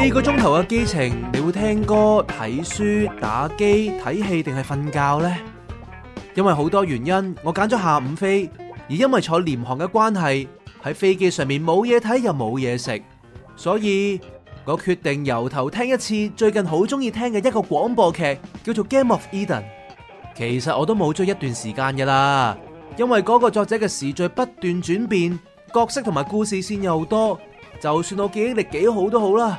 四個鐘頭嘅機程，你會聽歌、睇書、打機、睇戲定係瞓覺呢？因為好多原因，我揀咗下午飛，而因為坐廉航嘅關係，喺飛機上面冇嘢睇又冇嘢食，所以我決定由頭聽一次最近好中意聽嘅一個廣播劇，叫做《Game of Eden》。其實我都冇追一段時間噶啦，因為嗰個作者嘅時序不斷轉變，角色同埋故事線又多，就算我記憶力幾好都好啦。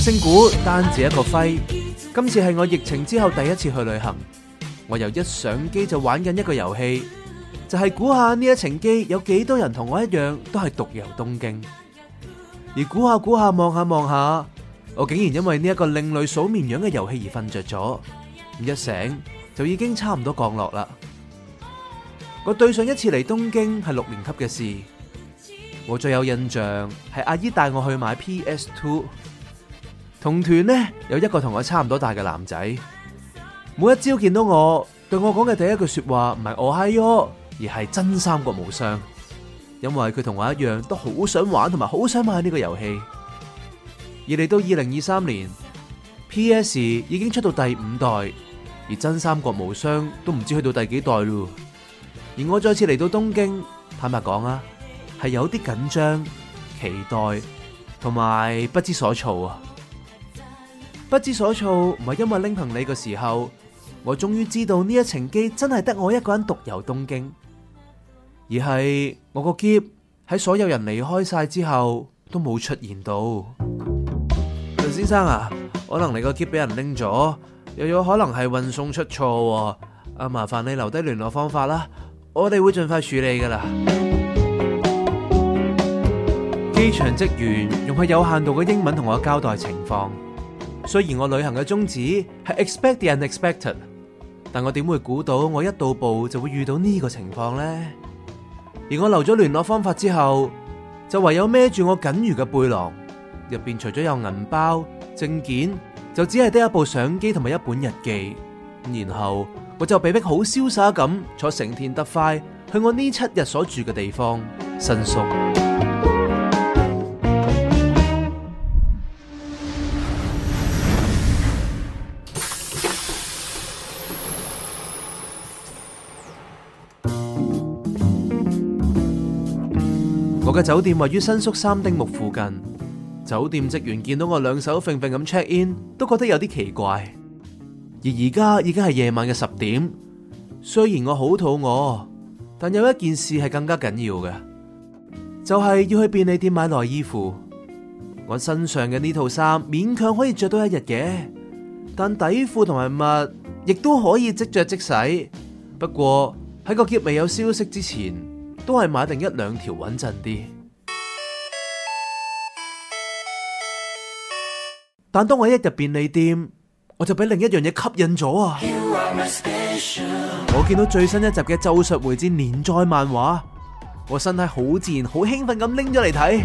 姓古單字一個輝，今次係我疫情之後第一次去旅行。我由一上機就玩緊一個遊戲，就係估下呢一程機有幾多人同我一樣都係獨遊東京。而估下估下望下望下，我竟然因為呢一個另類數綿羊嘅遊戲而瞓着咗。一醒就已經差唔多降落啦。我對上一次嚟東京係六年級嘅事，我最有印象係阿姨帶我去買 PS2。同團呢，有一個同我差唔多大嘅男仔，每一朝見到我，對我講嘅第一句說話唔係餓 Hi 喲，而係真三國無雙，因為佢同我一樣都好想玩同埋好想玩呢個遊戲。而嚟到二零二三年，PS 已經出到第五代，而真三國無雙都唔知去到第幾代咯。而我再次嚟到東京，坦白講啊，係有啲緊張、期待同埋不知所措啊。不知所措唔係因為拎行李嘅時候，我終於知道呢一程機真係得我一個人獨遊東京，而係我個喼喺所有人離開晒之後都冇出現到。林先生啊，可能你個喼俾人拎咗，又有可能係運送出錯。啊，麻煩你留低聯絡方法啦，我哋會盡快處理㗎喇。機 場職員用佢有限度嘅英文同我交代情況。雖然我旅行嘅宗旨係 expect the unexpected，但我點會估到我一到步就會遇到呢個情況呢？而我留咗聯絡方法之後，就唯有孭住我僅餘嘅背囊，入邊除咗有銀包、證件，就只係得一部相機同埋一本日記。然後我就被迫好瀟灑咁坐成田特快去我呢七日所住嘅地方新宿。酒店位於新宿三丁目附近。酒店職員見到我兩手揈揈咁 check in，都覺得有啲奇怪。而而家已經係夜晚嘅十點，雖然我好肚餓，但有一件事係更加緊要嘅，就係要去便利店買內衣褲。我身上嘅呢套衫勉強可以着多一日嘅，但底褲同埋襪亦都可以即着即洗。不過喺個喼未有消息之前，都係買定一兩條穩陣啲，但當我一入便利店，我就俾另一樣嘢吸引咗啊！我見到最新一集嘅《咒術迴戰》連載漫畫，我身體好自然、好興奮咁拎咗嚟睇。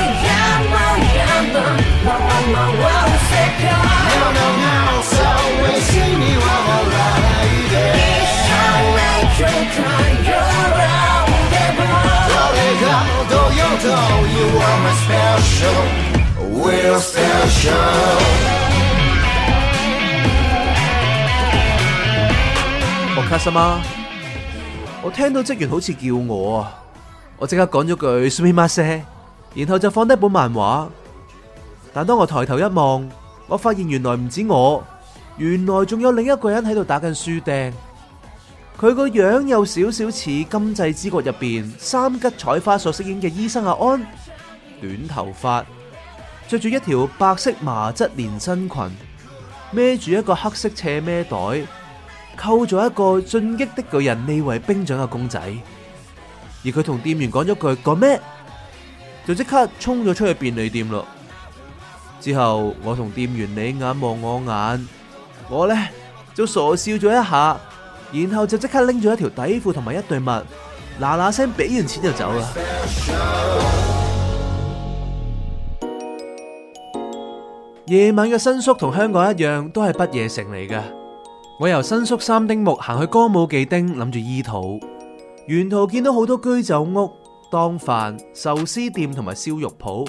我 cut 咗嗎？Ok、ama, 我聽到職員好似叫我啊，我即刻講咗句 s u m i m a s e 然後就放低本漫畫。但當我抬頭一望，我發現原來唔止我，原來仲有另一個人喺度打緊書釘。佢個樣有少少似《金濟之國麵》入邊三吉彩花所飾演嘅醫生阿安。短頭髮，着住一條白色麻質連身裙，孭住一個黑色斜孭袋，扣咗一個進擊的巨人利維兵長嘅公仔。而佢同店員講咗句：ごめん？就即刻衝咗出去便利店咯。之後我同店員你眼望我眼，我呢就傻笑咗一下，然後就即刻拎咗一條底褲同埋一對襪，嗱嗱聲俾完錢就走啦。 夜晚嘅新宿同香港一樣，都係不夜城嚟嘅。我由新宿三丁目行去歌舞伎町，諗住醫肚。沿途見到好多居酒屋、丼飯、壽司店同埋燒肉鋪，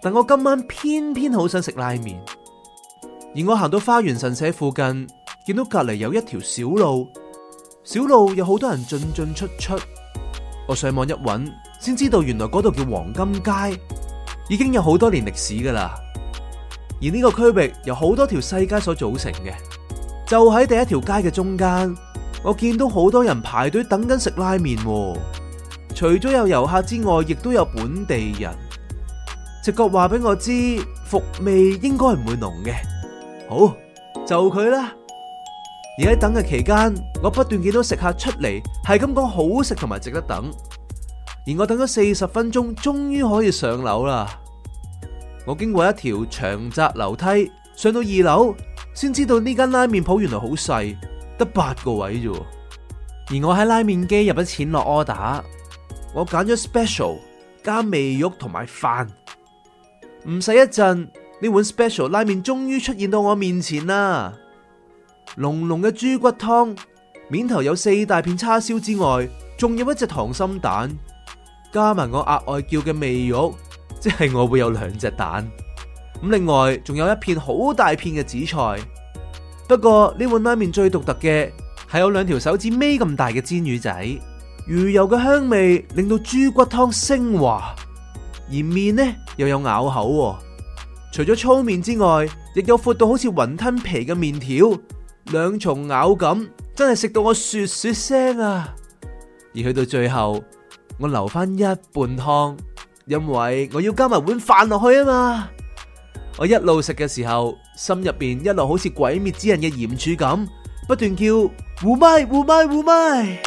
但我今晚偏偏好想食拉麵。而我行到花園神社附近，見到隔籬有一條小路，小路有好多人進進出出。我上網一搵，先知道原來嗰度叫黃金街，已經有好多年歷史噶啦。而呢個區域由好多條細街所組成嘅，就喺第一條街嘅中間，我見到好多人排隊等緊食拉麵，哦。除咗有遊客之外，亦都有本地人。直覺話俾我知，伏味應該唔會濃嘅。好，就佢啦。而喺等嘅期間，我不斷見到食客出嚟，係咁講好食同埋值得等。而我等咗四十分鐘，終於可以上樓啦。我經過一條長窄樓梯，上到二樓，先知道呢間拉麵鋪原來好細，得八個位啫。而我喺拉麵機入咗錢落 order，我揀咗 special 加味玉同埋飯。唔使一陣，呢碗 special 拉麵終於出現到我面前啦！濃濃嘅豬骨湯，麵頭有四大片叉燒之外，仲有一隻溏心蛋，加埋我額外叫嘅味玉。即係我會有兩隻蛋，咁另外仲有一片好大片嘅紫菜。不過呢碗拉麵最獨特嘅係有兩條手指尾咁大嘅煎魚仔，魚油嘅香味令到豬骨湯升華，而麵呢又有咬口，哦。除咗粗麵之外，亦有闊到好似雲吞皮嘅麵條，兩重咬感，真係食到我雪雪聲啊！而去到最後，我留翻一半湯。因為我要加埋碗飯落去啊嘛，我一路食嘅時候，心入邊一路好似鬼滅之刃嘅炎柱咁，不斷叫旨い旨い旨い。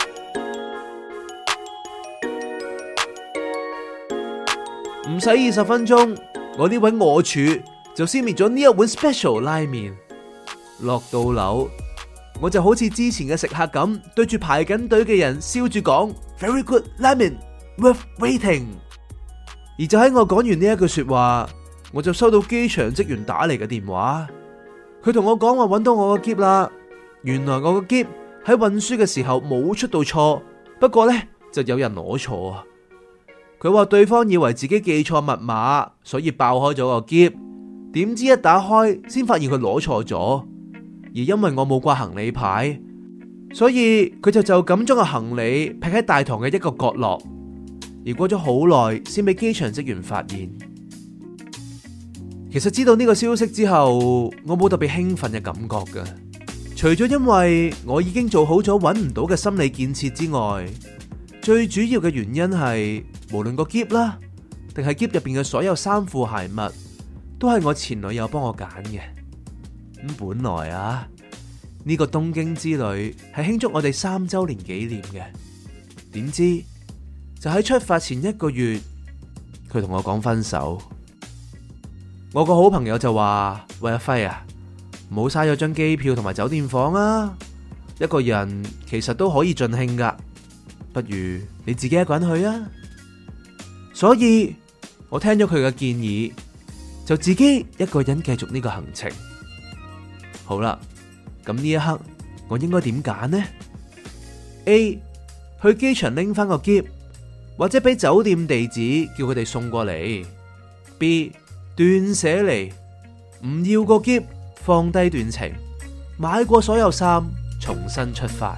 唔使二十分鐘，我呢位餓柱就消滅咗呢一碗 special 拉麵。落到樓，我就好似之前嘅食客咁，對住排緊隊嘅人笑住講：Very good Ramen！Worth waiting。而就喺我講完呢一句說話，我就收到機場職員打嚟嘅電話，佢同我講話搵到我個箧啦。原來我個箧喺運輸嘅時候冇出到錯，不過呢，就有人攞錯啊。佢話對方以為自己記錯密碼，所以爆開咗個箧，點知一打開先發現佢攞錯咗。而因為我冇掛行李牌，所以佢就就咁將個行李劈喺大堂嘅一個角落。而過咗好耐，先被機場職員發現。其實知道呢個消息之後，我冇特別興奮嘅感覺噶，除咗因為我已經做好咗揾唔到嘅心理建設之外，最主要嘅原因係，無論個篋啦，定係篋入邊嘅所有衫褲鞋襪，都係我前女友幫我揀嘅。咁本來啊，呢個東京之旅係慶祝我哋三週年紀念嘅，點知？就喺出發前一個月，佢同我講分手。我個好朋友就話：喂阿輝啊，冇嘥咗張機票同埋酒店房啊，一個人其實都可以盡興噶，不如你自己一個人去啊。所以，我聽咗佢嘅建議，就自己一個人繼續呢個行程。好啦，咁呢一刻我應該點揀呢？A 去機場拎翻個箧。或者俾酒店地址，叫佢哋送過嚟。B 斷捨離，唔要個喼，放低段情，買過所有衫，重新出發。